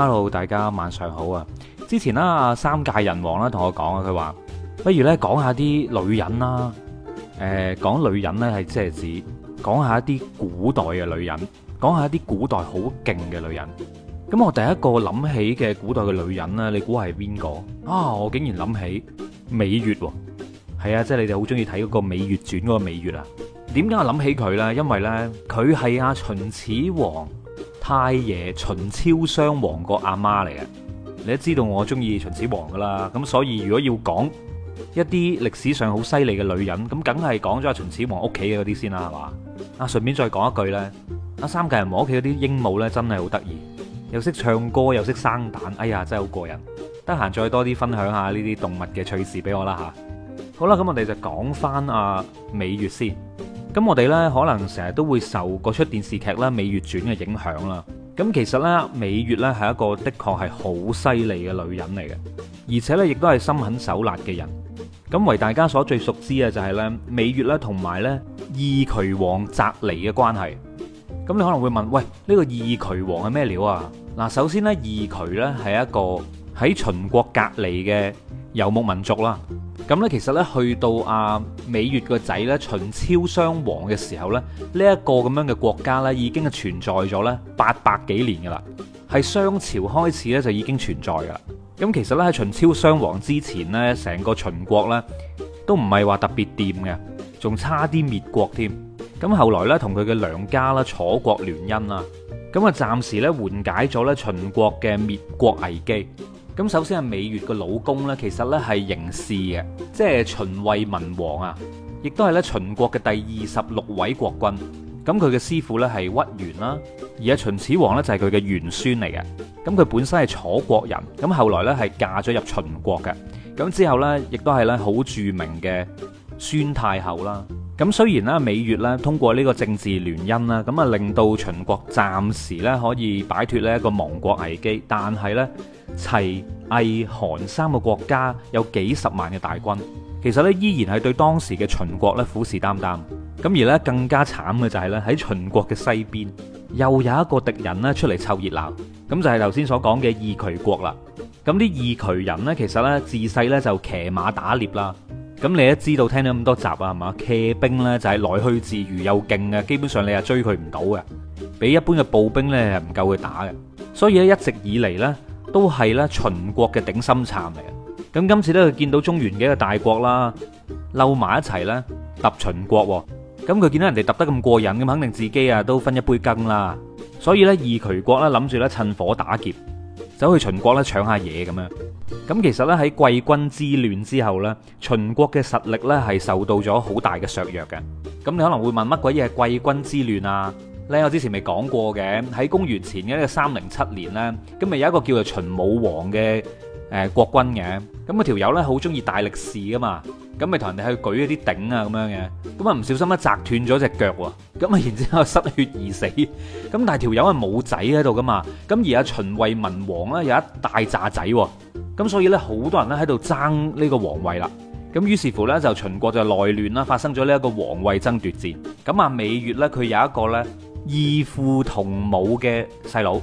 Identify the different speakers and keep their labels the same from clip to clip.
Speaker 1: hello，大家晚上好啊！之前啦、啊，三界人王啦同我講啊，佢話不如咧講下啲女人啦，誒、呃，講女人呢，係即係指講下一啲古代嘅女人，講下一啲古代好勁嘅女人。咁我第一個諗起嘅古代嘅女人呢，你估係邊個啊？我竟然諗起羋月喎、哦！係啊，即係你哋好中意睇嗰個《羋月傳》嗰個羋月啊？點解我諗起佢呢？因為呢，佢係阿秦始皇太爺秦昭襄王個阿媽嚟嘅，你都知道我中意秦始皇噶啦，咁所以如果要講一啲歷史上好犀利嘅女人，咁梗係講咗阿秦始皇屋企嘅嗰啲先啦，係嘛？啊，順便再講一句呢。阿、啊、三個人王屋企嗰啲鸚鵡呢，真係好得意，又識唱歌又識生蛋，哎呀，真係好過癮。得閒再多啲分享下呢啲動物嘅趣事俾我啦吓。好啦，咁我哋就講翻阿羋月先。咁我哋呢，可能成日都會受嗰出電視劇咧《羋月傳》嘅影響啦。咁其實呢，羋月呢係一個的確係好犀利嘅女人嚟嘅，而且呢亦都係心狠手辣嘅人。咁為大家所最熟知嘅就係呢羋月呢同埋呢義渠王翟驪嘅關係。咁你可能會問，喂，呢個義渠王係咩料啊？嗱，首先呢，義渠呢係一個喺秦國隔離嘅遊牧民族啦。咁咧，其實咧，去到啊，羋月個仔咧，秦昭襄王嘅時候咧，呢、這、一個咁樣嘅國家咧，已經係存在咗咧八百幾年噶啦，係商朝開始咧就已經存在噶啦。咁其實咧喺秦昭襄王之前咧，成個秦國咧都唔係話特別掂嘅，仲差啲滅國添。咁後來咧，同佢嘅娘家啦、楚國聯姻啦，咁啊暫時咧緩解咗咧秦國嘅滅國危機。咁首先係羋月嘅老公呢，其實呢係嬴駟嘅，即係秦惠文王啊，亦都係呢秦國嘅第二十六位國君。咁佢嘅師傅呢係屈原啦，而阿秦始皇呢就係佢嘅玄孫嚟嘅。咁佢本身係楚國人，咁後來呢係嫁咗入秦國嘅。咁之後呢，亦都係呢好著名嘅。宣太后啦，咁雖然咧，羋月呢通過呢個政治聯姻啦，咁啊令到秦國暫時呢可以擺脫呢一個亡國危機，但係呢，齊、魏、韓三個國家有幾十萬嘅大軍，其實呢依然係對當時嘅秦國呢虎視眈眈。咁而呢更加慘嘅就係呢，喺秦國嘅西邊又有一個敵人呢出嚟湊熱鬧，咁就係頭先所講嘅義渠國啦。咁啲義渠人呢，其實呢自細呢就騎馬打獵啦。咁你都知道聽咗咁多集啊，係嘛？騎兵咧就係來去自如又勁啊，基本上你係追佢唔到嘅，比一般嘅步兵咧係唔夠佢打嘅。所以咧一直以嚟咧都係咧秦國嘅頂心杉嚟嘅。咁今次咧佢見到中原幾個大國啦，溜埋一齊咧，揼秦國。咁佢見到人哋揼得咁過癮，咁肯定自己啊都分一杯羹啦。所以咧二渠國咧諗住咧趁火打劫。走去秦國咧搶下嘢咁樣，咁其實咧喺季君之亂之後咧，秦國嘅實力咧係受到咗好大嘅削弱嘅。咁你可能會問乜鬼嘢係季君之亂啊？咧我之前咪講過嘅，喺公元前嘅三零七年咧，咁咪有一個叫做秦武王嘅。誒國君嘅，咁嗰條友呢好中意大力士噶嘛，咁咪同人哋去舉一啲鼎啊咁樣嘅，咁啊唔小心一折斷咗隻腳喎，咁啊然之後失血而死，咁但係條友係冇仔喺度噶嘛，咁而阿秦惠文王呢有一大揸仔喎，咁所以呢好多人呢喺度爭呢個皇位啦，咁於是乎呢，就秦國就內亂啦，發生咗呢一個皇位爭奪戰，咁阿羋月呢，佢有一個呢異父同母嘅細佬，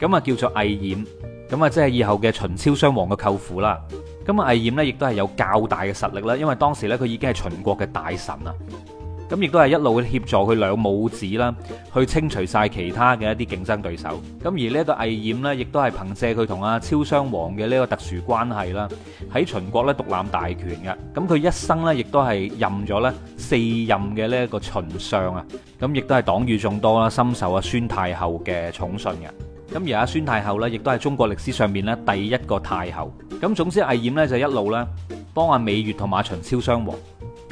Speaker 1: 咁啊叫做魏冉。咁啊，即係以後嘅秦超商王秦昭襄王嘅舅父啦。咁啊，魏冉呢亦都係有較大嘅實力啦。因為當時咧，佢已經係秦國嘅大臣啊。咁亦都係一路協助佢兩母子啦，去清除晒其他嘅一啲競爭對手。咁而呢個魏冉呢，亦都係憑借佢同阿昭襄王嘅呢個特殊關係啦，喺秦國咧獨攬大權嘅。咁佢一生呢，亦都係任咗呢四任嘅呢一個秦相啊。咁亦都係黨羽眾多啦，深受啊宣太后嘅寵信嘅。咁而阿孫太后呢，亦都係中國歷史上面呢，第一個太后。咁總之，魏豔呢就一路咧幫阿羋月同馬秦超相和。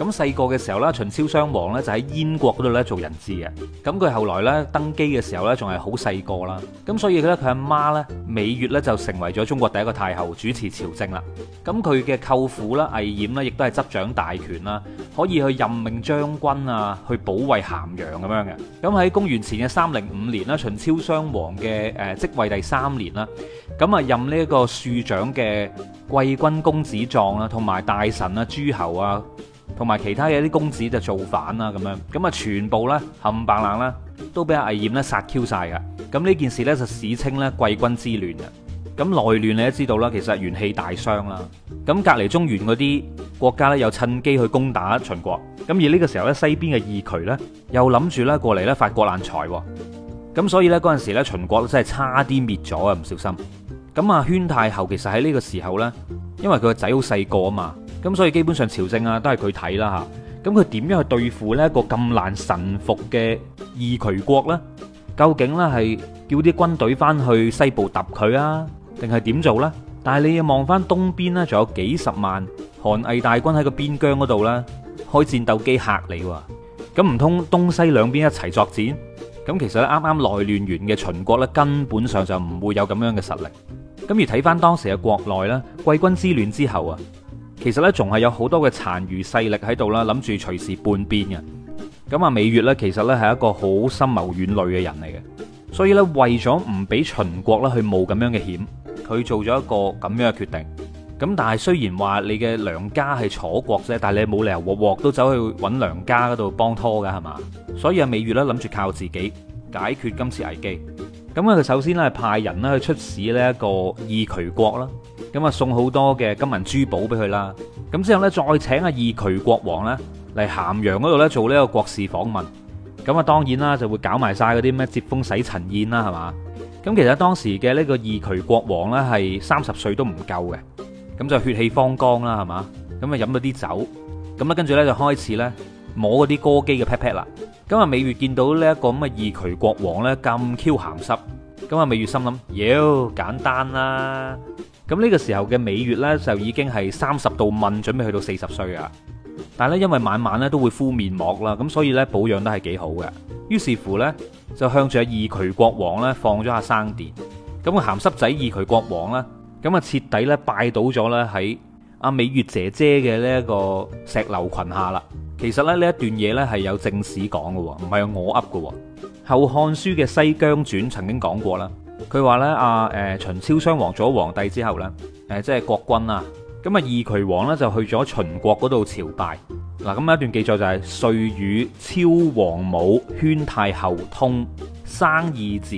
Speaker 1: 咁細個嘅時候咧，秦昭襄王咧就喺燕國嗰度咧做人質啊。咁佢後來咧登基嘅時候咧，仲係好細個啦。咁所以咧，佢阿媽咧，羋月咧就成為咗中國第一個太后，主持朝政啦。咁佢嘅舅父啦、魏冉咧，亦都係執掌大權啦，可以去任命將軍啊，去保衛咸陽咁樣嘅。咁喺公元前嘅三零五年啦，秦昭襄王嘅誒即位第三年啦，咁啊任呢一個庶長嘅貴君公子壯啦，同埋大臣啊、諸侯啊。同埋其他嘅啲公子就造反啦，咁樣咁啊，全部呢，冚唪唥啦，都俾阿魏冉咧殺 q 晒噶。咁呢件事呢，就史稱呢，貴君之亂嘅。咁內亂你都知道啦，其實元氣大傷啦。咁隔籬中原嗰啲國家呢，又趁機去攻打秦國。咁而呢個時候呢，西邊嘅義渠呢，又諗住呢過嚟呢，發國難財喎。咁所以呢，嗰陣時呢，秦國真係差啲滅咗啊！唔小心。咁啊，宣太后其實喺呢個時候呢，因為佢個仔好細個啊嘛。咁所以基本上朝政啊，都係佢睇啦吓，咁佢點樣去對付呢一個咁難臣服嘅義渠國咧？究竟咧係叫啲軍隊翻去西部揼佢啊，定係點做咧？但係你又望翻東邊咧，啊，仲有幾十萬韓魏大軍喺個邊疆嗰度咧，開戰鬥機吓你喎，啊。咁唔通東西兩邊一齊作戰，咁、啊、其實咧啱啱內亂完嘅秦國咧，根本上就唔會有咁樣嘅實力。咁、啊、而睇翻當時嘅國內咧，貴軍之亂之後啊。其實咧，仲係有好多嘅殘餘勢力喺度啦，諗住隨時叛變嘅。咁啊，羋月呢，其實呢係一個好深謀遠慮嘅人嚟嘅。所以呢，為咗唔俾秦國咧去冒咁樣嘅險，佢做咗一個咁樣嘅決定。咁但係雖然話你嘅娘家係楚國啫，但係你冇理由鑊鑊都走去揾娘家嗰度幫拖噶係嘛？所以啊，羋月呢，諗住靠自己解決今次危機。咁啊，佢首先咧派人咧去出使呢一個義渠國啦。咁啊送好多嘅金銀珠寶俾佢啦，咁之後咧再請阿義渠國王咧嚟咸陽嗰度咧做呢個國事訪問，咁啊當然啦就會搞埋曬嗰啲咩接風洗塵宴啦，係嘛？咁其實當時嘅呢個義渠國王咧係三十歲都唔夠嘅，咁就血氣方剛啦，係嘛？咁啊飲咗啲酒，咁咧跟住咧就開始咧摸嗰啲歌姬嘅 pat pat 啦。咁啊羋月見到呢一個咁嘅義渠國王咧咁 Q 鹹濕，咁啊羋月心諗妖簡單啦～咁呢個時候嘅羋月呢，就已經係三十度問準備去到四十歲啊，但係咧因為晚晚咧都會敷面膜啦，咁所以呢，保養得係幾好嘅。於是乎呢，就向住二渠國王呢放咗下生電，咁個鹹濕仔二渠國王呢，咁啊、那個、徹底呢，拜倒咗咧喺阿羋月姐姐嘅呢一個石榴裙下啦。其實咧呢一段嘢呢係有正史講嘅，唔係我噏嘅，《後漢書》嘅西羌傳曾經講過啦。佢話咧，阿誒秦昭襄王做咗皇帝之後咧，誒即係國君啊。咁啊，義渠王咧就去咗秦國嗰度朝拜。嗱，咁一段記載就係歲與昭王母宣太后通，生二子。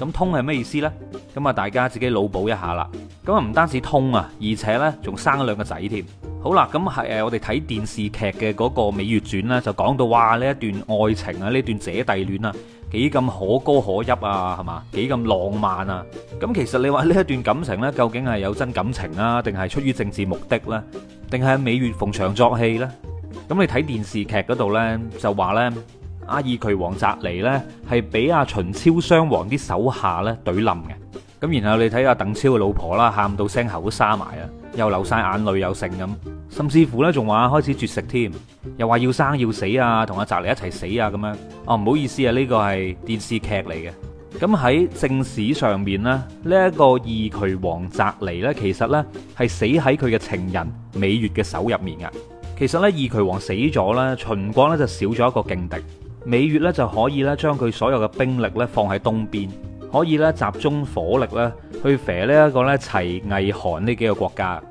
Speaker 1: 咁通係咩意思呢？咁啊，大家自己腦補一下啦。咁啊，唔單止通啊，而且咧，仲生咗兩個仔添。好啦，咁係誒，我哋睇電視劇嘅嗰個《羋月傳》啦，就講到哇，呢一段愛情啊，呢段姐弟戀啊，幾咁可歌可泣啊，係嘛？幾咁浪漫啊！咁其實你話呢一段感情咧，究竟係有真感情啊，定係出於政治目的咧，定係喺羋月逢場作戲咧？咁你睇電視劇嗰度咧，就話咧，阿義渠王翟驪咧，係俾阿秦昭襄王啲手下咧，懟冧嘅。咁然後你睇下鄧超嘅老婆啦，喊到聲喉都沙埋啊，又流曬眼淚又剩咁，甚至乎咧仲話開始絕食添，又話要生要死啊，同阿澤離一齊死啊咁樣。哦，唔好意思啊，呢個係電視劇嚟嘅。咁喺正史上面咧，呢一個義渠王澤離咧，其實咧係死喺佢嘅情人羋月嘅手入面㗎。其實咧義渠王死咗咧，秦國咧就少咗一個勁敵，羋月咧就可以咧將佢所有嘅兵力咧放喺東邊。可以咧集中火力咧去肥呢一個咧齊魏韓呢幾個國家。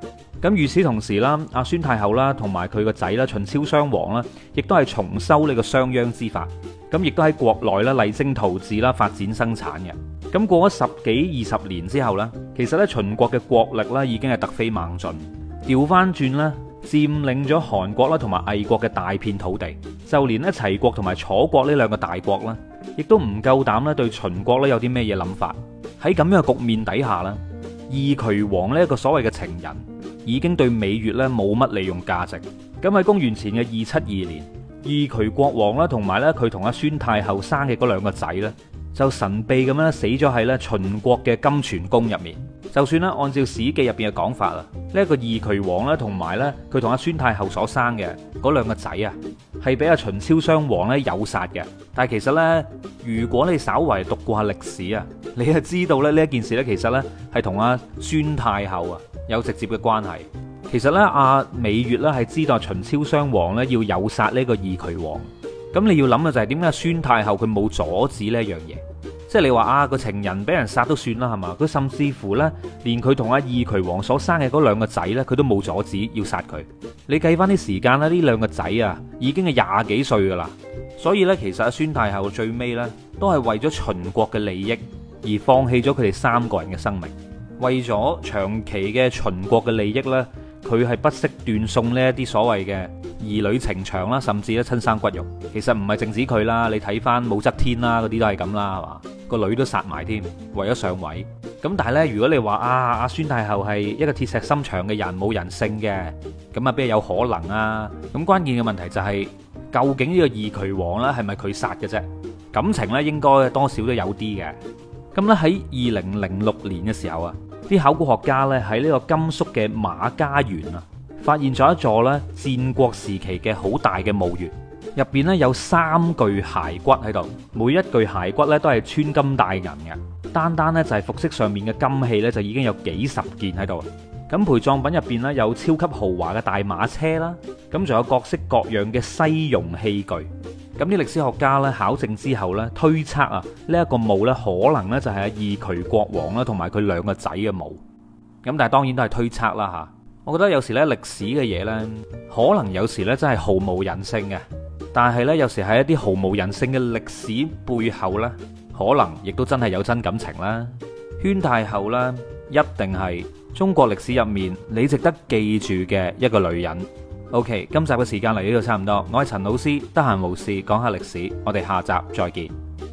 Speaker 1: 咁與此同時啦，阿宣太后啦同埋佢個仔啦秦昭襄王啦，亦都係重修呢個商鞅之法。咁亦都喺國內啦勵精圖治啦發展生產嘅。咁過咗十幾二十年之後咧，其實咧秦國嘅國力咧已經係突飛猛進，調翻轉咧佔領咗韓國啦同埋魏國嘅大片土地，就連咧齊國同埋楚國呢兩個大國啦，亦都唔夠膽咧，對秦國咧有啲咩嘢諗法？喺咁樣嘅局面底下呢，義渠王呢個所謂嘅情人，已經對羋月呢冇乜利用價值。咁喺公元前嘅二七二年，義渠國王啦同埋咧佢同阿宣太后生嘅嗰兩個仔呢，就神秘咁樣死咗喺咧秦國嘅金泉宮入面。就算咧，按照《史記》入邊嘅講法啦，呢一個義渠王咧，同埋咧佢同阿孫太后所生嘅嗰兩個仔啊，係俾阿秦昭襄王咧誘殺嘅。但係其實咧，如果你稍為讀過下歷史啊，你係知道咧呢一件事咧，其實咧係同阿孫太后啊有直接嘅關係。其實咧阿羋月咧係知道秦昭襄王咧要誘殺呢個義渠王，咁你要諗嘅就係點解孫太后佢冇阻止呢一樣嘢？即係你話啊，個情人俾人殺都算啦，係嘛？佢甚至乎呢，連佢同阿義渠王所生嘅嗰兩個仔呢，佢都冇阻止要殺佢。你計翻啲時間啦，呢兩個仔啊，已經係廿幾歲噶啦。所以呢，其實阿孫太后最尾呢，都係為咗秦國嘅利益而放棄咗佢哋三個人嘅生命，為咗長期嘅秦國嘅利益呢，佢係不惜斷送呢一啲所謂嘅兒女情長啦，甚至咧親生骨肉。其實唔係淨止佢啦，你睇翻武則天啦，嗰啲都係咁啦，係嘛？個女都殺埋添，為咗上位。咁但係咧，如果你話啊，阿孫太后係一個鐵石心腸嘅人，冇人性嘅，咁啊，邊有可能啊？咁關鍵嘅問題就係，究竟呢個二渠王啦，係咪佢殺嘅啫？感情咧，應該多少都有啲嘅。咁咧喺二零零六年嘅時候啊，啲考古學家咧喺呢個甘肅嘅馬家塬啊，發現咗一座咧戰國時期嘅好大嘅墓穴。入邊咧有三具骸骨喺度，每一具骸骨咧都係穿金戴銀嘅。單單咧就係服飾上面嘅金器咧，就已經有幾十件喺度。咁陪葬品入邊咧有超級豪華嘅大馬車啦，咁仲有各式各樣嘅西戎器具。咁啲歷史學家咧考證之後咧推測啊，呢一個墓咧可能咧就係阿二渠國王啦，同埋佢兩個仔嘅墓。咁但係當然都係推測啦吓。我覺得有時咧歷史嘅嘢咧，可能有時咧真係毫無人性嘅。但係咧，有時喺一啲毫無人性嘅歷史背後呢，可能亦都真係有真感情啦。宣太后啦，一定係中國歷史入面你值得記住嘅一個女人。OK，今集嘅時間嚟呢度差唔多，我係陳老師，得閒無事講下歷史，我哋下集再見。